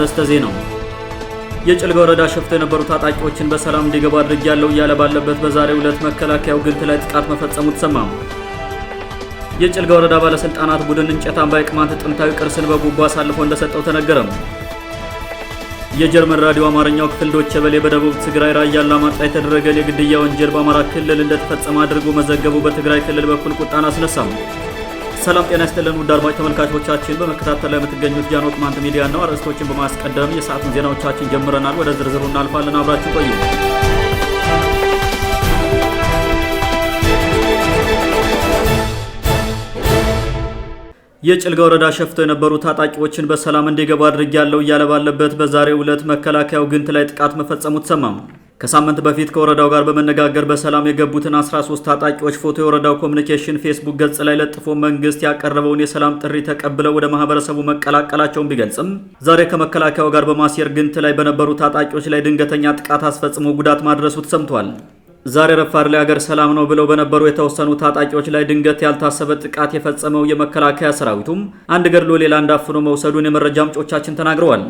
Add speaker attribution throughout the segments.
Speaker 1: አርዕስተ ዜናው የጭልጋ ወረዳ ሸፍተው የነበሩ ታጣቂዎችን በሰላም እንዲገቡ አድርጊያለሁ እያለ ባለበት በዛሬው ዕለት መከላከያው ግንት ላይ ጥቃት መፈጸሙ ተሰማም። የጭልጋ ወረዳ ባለስልጣናት ቡድን እንጨት አምባ የቅማንት ጥንታዊ ቅርስን በጉቦ አሳልፎ እንደሰጠው ተነገረም። የጀርመን ራዲዮ አማርኛው ክፍል ዶቼ ቬለ በደቡብ ትግራይ ራያ አላማጣ የተደረገ የግድያ ወንጀል በአማራ ክልል እንደተፈጸመ አድርጎ መዘገቡ በትግራይ ክልል በኩል ቁጣን አስነሳም። ሰላም ጤና ይስጥልን ውድ አድማጭ ተመልካቾቻችን፣ በመከታተል ላይ የምትገኙት ጃኖ ቅማንት ሚዲያ ነው። አርዕስቶችን በማስቀደም የሰዓቱን ዜናዎቻችን ጀምረናል። ወደ ዝርዝሩ እናልፋለን። አብራችሁ ቆዩ። የጭልጋ ወረዳ ሸፍተው የነበሩ ታጣቂዎችን በሰላም እንዲገቡ አድርጌያለሁ እያለ ባለበት በዛሬው ዕለት መከላከያው ግንት ላይ ጥቃት መፈጸሙ ተሰማም። ከሳምንት በፊት ከወረዳው ጋር በመነጋገር በሰላም የገቡትን 13 ታጣቂዎች ፎቶ የወረዳው ኮሚኒኬሽን ፌስቡክ ገጽ ላይ ለጥፎ መንግስት ያቀረበውን የሰላም ጥሪ ተቀብለው ወደ ማህበረሰቡ መቀላቀላቸውን ቢገልጽም ዛሬ ከመከላከያው ጋር በማስየር ግንት ላይ በነበሩ ታጣቂዎች ላይ ድንገተኛ ጥቃት አስፈጽሞ ጉዳት ማድረሱ ተሰምቷል። ዛሬ ረፋድ ላይ ሀገር ሰላም ነው ብለው በነበሩ የተወሰኑ ታጣቂዎች ላይ ድንገት ያልታሰበ ጥቃት የፈጸመው የመከላከያ ሰራዊቱም አንድ ገድሎ ሌላ እንዳፍኖ መውሰዱን የመረጃ ምንጮቻችን ተናግረዋል።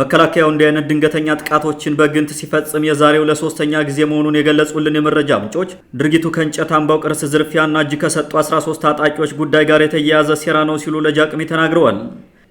Speaker 1: መከላከያው እንዲህ አይነት ድንገተኛ ጥቃቶችን በግንት ሲፈጽም የዛሬው ለሶስተኛ ጊዜ መሆኑን የገለጹልን የመረጃ ምንጮች ድርጊቱ ከእንጨት አምባው ቅርስ ዝርፊያና እጅ ከሰጡ 13 ታጣቂዎች ጉዳይ ጋር የተያያዘ ሴራ ነው ሲሉ ለጃቅሚ ተናግረዋል።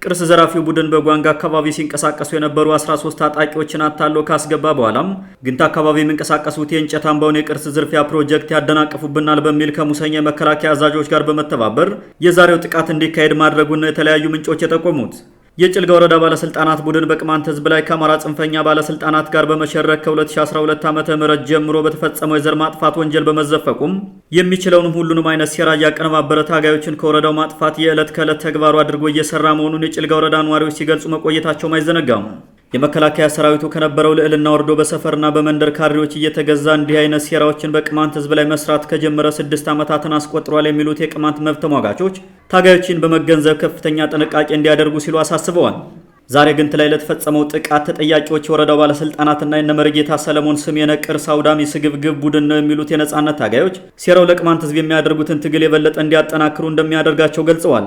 Speaker 1: ቅርስ ዘራፊው ቡድን በጓንግ አካባቢ ሲንቀሳቀሱ የነበሩ 13 ታጣቂዎችን አታሎ ካስገባ በኋላም ግንት አካባቢ የሚንቀሳቀሱት የእንጨት አምባውን የቅርስ ዝርፊያ ፕሮጀክት ያደናቅፉብናል በሚል ከሙሰኛ የመከላከያ አዛዦች ጋር በመተባበር የዛሬው ጥቃት እንዲካሄድ ማድረጉን የተለያዩ ምንጮች የጠቆሙት የጭልጋ ወረዳ ባለስልጣናት ቡድን በቅማንት ህዝብ ላይ ከአማራ ጽንፈኛ ባለስልጣናት ጋር በመሸረክ ከ2012 ዓ ም ጀምሮ በተፈጸመው የዘር ማጥፋት ወንጀል በመዘፈቁም የሚችለውንም ሁሉንም አይነት ሴራ እያቀነባበረ ታጋዮችን ከወረዳው ማጥፋት የዕለት ከዕለት ተግባሩ አድርጎ እየሰራ መሆኑን የጭልጋ ወረዳ ነዋሪዎች ሲገልጹ መቆየታቸውም አይዘነጋም። የመከላከያ ሰራዊቱ ከነበረው ልዕልና ወርዶ በሰፈርና በመንደር ካድሬዎች እየተገዛ እንዲህ አይነት ሴራዎችን በቅማንት ህዝብ ላይ መስራት ከጀመረ ስድስት ዓመታትን አስቆጥሯል የሚሉት የቅማንት መብት ተሟጋቾች ታጋዮችን በመገንዘብ ከፍተኛ ጥንቃቄ እንዲያደርጉ ሲሉ አሳስበዋል። ዛሬ ግንት ላይ ለተፈጸመው ጥቃት ተጠያቂዎች የወረዳው ባለስልጣናትና የነመርጌታ ሰለሞን ስም የነቅር ሳውዳሚ ስግብግብ ቡድን ነው የሚሉት የነጻነት ታጋዮች ሴራው ለቅማንት ህዝብ የሚያደርጉትን ትግል የበለጠ እንዲያጠናክሩ እንደሚያደርጋቸው ገልጸዋል።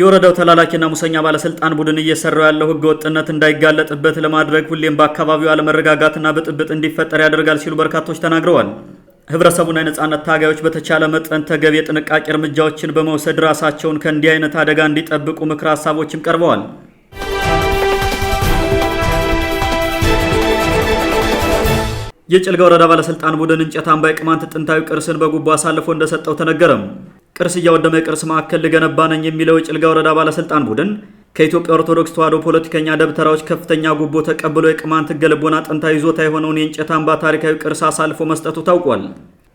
Speaker 1: የወረዳው ተላላኪና ሙሰኛ ባለስልጣን ቡድን እየሰራው ያለው ወጥነት እንዳይጋለጥበት ለማድረግ ሁሌም በአካባቢው አለመረጋጋትና ብጥብጥ እንዲፈጠር ያደርጋል ሲሉ በርካቶች ተናግረዋል። ህብረተሰቡና የነጻነት ታጋዮች በተቻለ መጠን ተገቢ የጥንቃቄ እርምጃዎችን በመውሰድ ራሳቸውን ከእንዲህ አይነት አደጋ እንዲጠብቁ ምክር ሀሳቦችም ቀርበዋል። የጭልጋ ወረዳ ባለስልጣን ቡድን እንጨት አምባ የቅማንት ጥንታዊ ቅርስን በጉቦ አሳልፎ እንደሰጠው ተነገረም። ቅርስ እያወደመ ቅርስ ማዕከል ልገነባ ነኝ የሚለው የጭልጋ ወረዳ ባለስልጣን ቡድን ከኢትዮጵያ ኦርቶዶክስ ተዋሕዶ ፖለቲከኛ ደብተራዎች ከፍተኛ ጉቦ ተቀብሎ የቅማንት ገልቦና ጥንታዊ ይዞታ የሆነውን የእንጨት አምባ ታሪካዊ ቅርስ አሳልፎ መስጠቱ ታውቋል።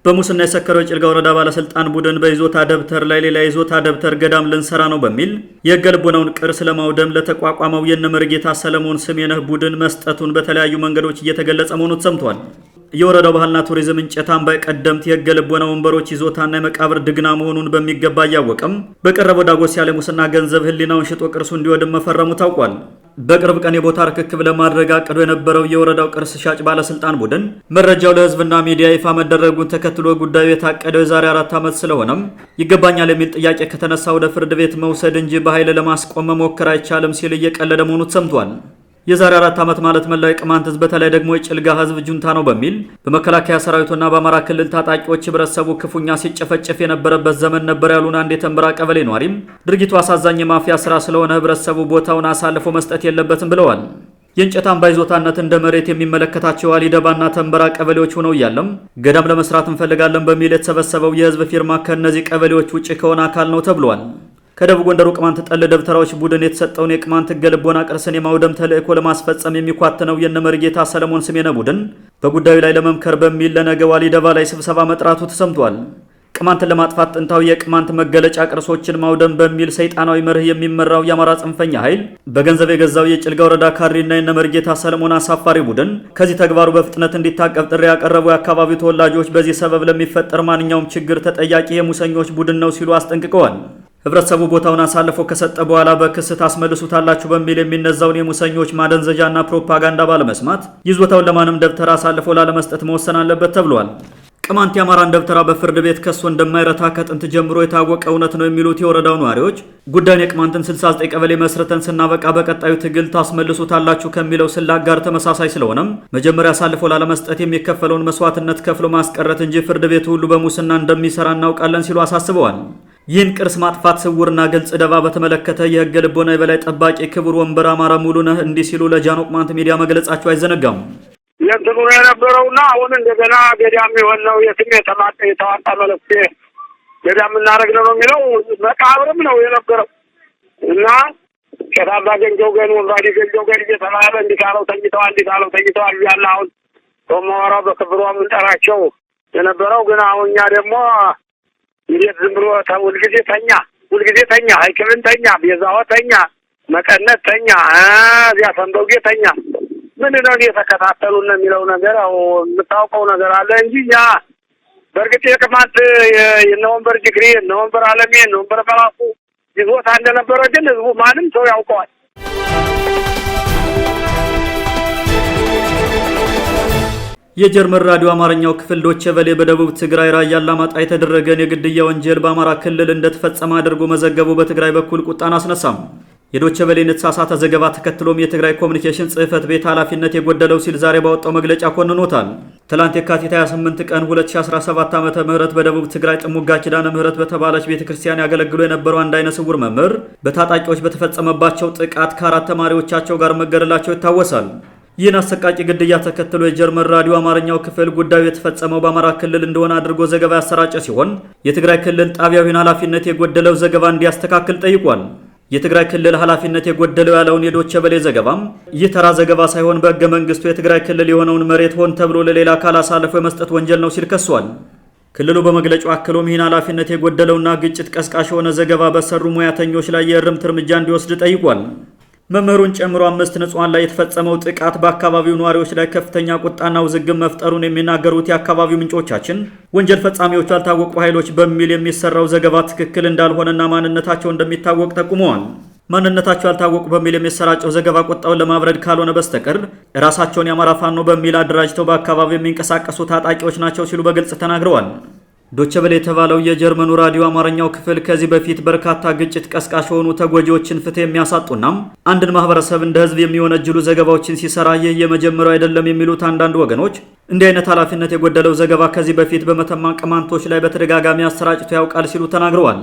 Speaker 1: በሙስና የሰከረው የጭልጋ ወረዳ ባለስልጣን ቡድን በይዞታ ደብተር ላይ ሌላ ይዞታ ደብተር ገዳም ልንሰራ ነው በሚል የገልቦናውን ቅርስ ለማውደም ለተቋቋመው የነመርጌታ ሰለሞን ስሜነህ ቡድን መስጠቱን በተለያዩ መንገዶች እየተገለጸ መሆኑ ተሰምቷል። የወረዳው ባህልና ቱሪዝም እንጨታን በቀደምት የሕገ ልቦና ወንበሮች ይዞታና የመቃብር ድግና መሆኑን በሚገባ እያወቀም በቀረበው ዳጎስ ያለ ሙስና ገንዘብ ህሊናውን ሽጦ ቅርሱ እንዲወድም መፈረሙ ታውቋል። በቅርብ ቀን የቦታ ርክክብ ለማድረግ አቅዶ የነበረው የወረዳው ቅርስ ሻጭ ባለስልጣን ቡድን መረጃው ለህዝብና ሚዲያ ይፋ መደረጉን ተከትሎ ጉዳዩ የታቀደው የዛሬ አራት ዓመት ስለሆነም ይገባኛል የሚል ጥያቄ ከተነሳ ወደ ፍርድ ቤት መውሰድ እንጂ በኃይል ለማስቆም መሞከር አይቻልም ሲል እየቀለደ መሆኑ ተሰምቷል። የዛሬ አራት ዓመት ማለት መላው የቅማንት ህዝብ በተለይ ደግሞ የጭልጋ ህዝብ ጁንታ ነው በሚል በመከላከያ ሰራዊቱና በአማራ ክልል ታጣቂዎች ህብረተሰቡ ክፉኛ ሲጨፈጨፍ የነበረበት ዘመን ነበር ያሉን አንድ የተንበራ ቀበሌ ኗሪም ድርጊቱ አሳዛኝ የማፊያ ስራ ስለሆነ ህብረተሰቡ ቦታውን አሳልፎ መስጠት የለበትም ብለዋል። የእንጨት አምባ ይዞታነት እንደ መሬት የሚመለከታቸው አሊደባና ተንበራ ቀበሌዎች ሆነው እያለም ገዳም ለመስራት እንፈልጋለን በሚል የተሰበሰበው የህዝብ ፊርማ ከእነዚህ ቀበሌዎች ውጭ ከሆነ አካል ነው ተብሏል። ከደቡብ ጎንደሩ ቅማንት ጠል ደብተራዎች ቡድን የተሰጠውን የቅማንት ህገልቦና ቅርስን የማውደም ተልዕኮ ለማስፈጸም የሚኳትነው የነመርጌታ ሰለሞን ስሜነ ቡድን በጉዳዩ ላይ ለመምከር በሚል ለነገ ደባ ላይ ስብሰባ መጥራቱ ተሰምቷል። ቅማንትን ለማጥፋት ጥንታዊ የቅማንት መገለጫ ቅርሶችን ማውደም በሚል ሰይጣናዊ መርህ የሚመራው የአማራ ጽንፈኛ ኃይል በገንዘብ የገዛው የጭልጋ ወረዳ ካሪና የነመርጌታ ሰለሞን አሳፋሪ ቡድን ከዚህ ተግባሩ በፍጥነት እንዲታቀብ ጥሪ ያቀረቡ የአካባቢው ተወላጆች በዚህ ሰበብ ለሚፈጠር ማንኛውም ችግር ተጠያቂ የሙሰኞች ቡድን ነው ሲሉ አስጠንቅቀዋል። ህብረተሰቡ ቦታውን አሳልፎ ከሰጠ በኋላ በክስ ታስመልሱታላችሁ በሚል የሚነዛውን የሙሰኞች ማደንዘዣና ፕሮፓጋንዳ ባለመስማት ይዞታውን ለማንም ደብተር አሳልፎ ላለመስጠት መወሰን አለበት ተብሏል። ቅማንት የአማራን ደብተራ በፍርድ ቤት ከሶ እንደማይረታ ከጥንት ጀምሮ የታወቀ እውነት ነው የሚሉት የወረዳው ነዋሪዎች ጉዳዩን የቅማንትን 69 ቀበሌ መስረተን ስናበቃ በቀጣዩ ትግል ታስመልሱታላችሁ ከሚለው ስላቅ ጋር ተመሳሳይ ስለሆነም መጀመሪያ አሳልፎ ላለመስጠት የሚከፈለውን መስዋዕትነት ከፍሎ ማስቀረት እንጂ ፍርድ ቤቱ ሁሉ በሙስና እንደሚሰራ እናውቃለን ሲሉ አሳስበዋል። ይህን ቅርስ ማጥፋት ስውርና ግልጽ ደባ በተመለከተ የህገ ልቦና የበላይ ጠባቂ ክቡር ወንበር አማራ ሙሉነህ እንዲህ ሲሉ ለጃኖ ቅማንት ሚዲያ መግለጻቸው አይዘነጋም።
Speaker 2: እንትኑ ነው የነበረውና አሁን እንደገና ገዳም የሆን ነው የስሜ ተማጠ የተዋጣ መለስ ገዳም እናደረግ ነው የሚለው መቃብርም ነው የነበረው እና ከታባ ገንጀው ገን ወንባዲ ገንጀው ገን እየተባለ እንዲካለው ተኝተዋል፣ እንዲካለው ተኝተዋል እያለ አሁን በመወራው በክብሯ ምንጠራቸው የነበረው ግን አሁን እኛ ደግሞ እንዴት ዝም ብሎ ሁልጊዜ ተኛ፣ ሁልጊዜ ተኛ፣ ሀይክምን ተኛ፣ ቤዛዋ ተኛ፣ መቀነት ተኛ፣ እዚያ ሰንበውጌ ተኛ ምንድነው ነው የሚለው ነገር ያው የምታውቀው ነገር አለ እንጂ ያ በእርግጥ የቅማንት የነወንበር ጅግሪ የነወንበር አለሜ የነወንበር በራሱ ይዞታ እንደነበረ ግን ህዝቡ ማንም ሰው ያውቀዋል።
Speaker 1: የጀርመን ራዲዮ አማርኛው ክፍል ዶቼ ቬለ በደቡብ ትግራይ ራያ አላማጣ የተደረገን የግድያ ወንጀል በአማራ ክልል እንደተፈጸመ አድርጎ መዘገቡ በትግራይ በኩል ቁጣን አስነሳም። የዶቼ የተሳሳተ ዘገባ ተከትሎም የትግራይ ኮሚኒኬሽን ጽህፈት ቤት ኃላፊነት የጎደለው ሲል ዛሬ ባወጣው መግለጫ ኮንኖታል። ትላንት የካቲት 28 ቀን 2017 ዓ ምህረት በደቡብ ትግራይ ጥሙጋ ኪዳነ ምህረት በተባለች ቤተ ክርስቲያን ያገለግሉ የነበረው አንድ አይነ ስውር መምህር በታጣቂዎች በተፈጸመባቸው ጥቃት ከአራት ተማሪዎቻቸው ጋር መገደላቸው ይታወሳል። ይህን አሰቃቂ ግድያ ተከትሎ የጀርመን ራዲዮ አማርኛው ክፍል ጉዳዩ የተፈጸመው በአማራ ክልል እንደሆነ አድርጎ ዘገባ ያሰራጨ ሲሆን የትግራይ ክልል ጣቢያዊን ኃላፊነት የጎደለው ዘገባ እንዲያስተካክል ጠይቋል። የትግራይ ክልል ኃላፊነት የጎደለው ያለውን የዶቼ ቬለ ዘገባም ይህ ተራ ዘገባ ሳይሆን በሕገ መንግስቱ የትግራይ ክልል የሆነውን መሬት ሆን ተብሎ ለሌላ አካል አሳልፎ የመስጠት ወንጀል ነው ሲል ከሷል። ክልሉ በመግለጫው አክሎም ይህን ኃላፊነት የጎደለውና ግጭት ቀስቃሽ የሆነ ዘገባ በሰሩ ሙያተኞች ላይ የእርምት እርምጃ እንዲወስድ ጠይቋል። መምህሩን ጨምሮ አምስት ንጹሃን ላይ የተፈጸመው ጥቃት በአካባቢው ነዋሪዎች ላይ ከፍተኛ ቁጣና ውዝግብ መፍጠሩን የሚናገሩት የአካባቢው ምንጮቻችን ወንጀል ፈጻሚዎች ያልታወቁ ኃይሎች በሚል የሚሰራው ዘገባ ትክክል እንዳልሆነና ማንነታቸው እንደሚታወቅ ጠቁመዋል። ማንነታቸው ያልታወቁ በሚል የሚሰራጨው ዘገባ ቁጣውን ለማብረድ ካልሆነ በስተቀር ራሳቸውን የአማራ ፋኖ በሚል አደራጅተው በአካባቢው የሚንቀሳቀሱ ታጣቂዎች ናቸው ሲሉ በግልጽ ተናግረዋል። ዶቸበል የተባለው የጀርመኑ ራዲዮ አማርኛው ክፍል ከዚህ በፊት በርካታ ግጭት ቀስቃሽ የሆኑ ተጎጂዎችን ፍትህ የሚያሳጡና አንድን ማህበረሰብ እንደ ህዝብ የሚወነጅሉ ዘገባዎችን ሲሰራ ይህ የመጀመሪያው አይደለም የሚሉት አንዳንድ ወገኖች እንዲህ አይነት ኃላፊነት የጎደለው ዘገባ ከዚህ በፊት በመተማ ቅማንቶች ላይ በተደጋጋሚ አሰራጭቶ ያውቃል ሲሉ ተናግረዋል።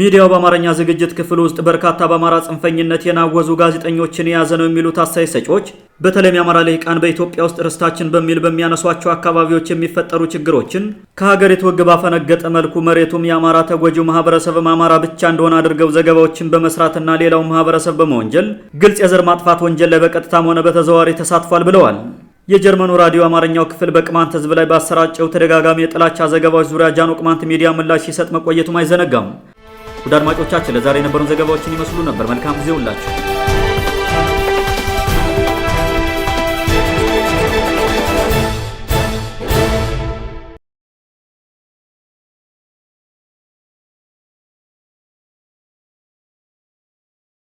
Speaker 1: ሚዲያው በአማርኛ ዝግጅት ክፍል ውስጥ በርካታ በአማራ ጽንፈኝነት የናወዙ ጋዜጠኞችን የያዘ ነው የሚሉት አስተያየት ሰጪዎች በተለይም የአማራ ልሂቃን በኢትዮጵያ ውስጥ ርስታችን በሚል በሚያነሷቸው አካባቢዎች የሚፈጠሩ ችግሮችን ከሀገሪቱ ሕግ ባፈነገጠ መልኩ መሬቱም የአማራ ተጎጂው ማህበረሰብም አማራ ብቻ እንደሆነ አድርገው ዘገባዎችን በመስራትና ሌላው ማህበረሰብ በመወንጀል ግልጽ የዘር ማጥፋት ወንጀል ላይ በቀጥታም ሆነ በተዘዋዋሪ ተሳትፏል ብለዋል። የጀርመኑ ራዲዮ አማርኛው ክፍል በቅማንት ህዝብ ላይ ባሰራጨው ተደጋጋሚ የጥላቻ ዘገባዎች ዙሪያ ጃኖ ቅማንት ሚዲያ ምላሽ ሲሰጥ መቆየቱም አይዘነጋም። ውድ አድማጮቻችን ለዛሬ የነበሩን ዘገባዎችን ይመስሉ ነበር። መልካም ጊዜ ሁላችሁ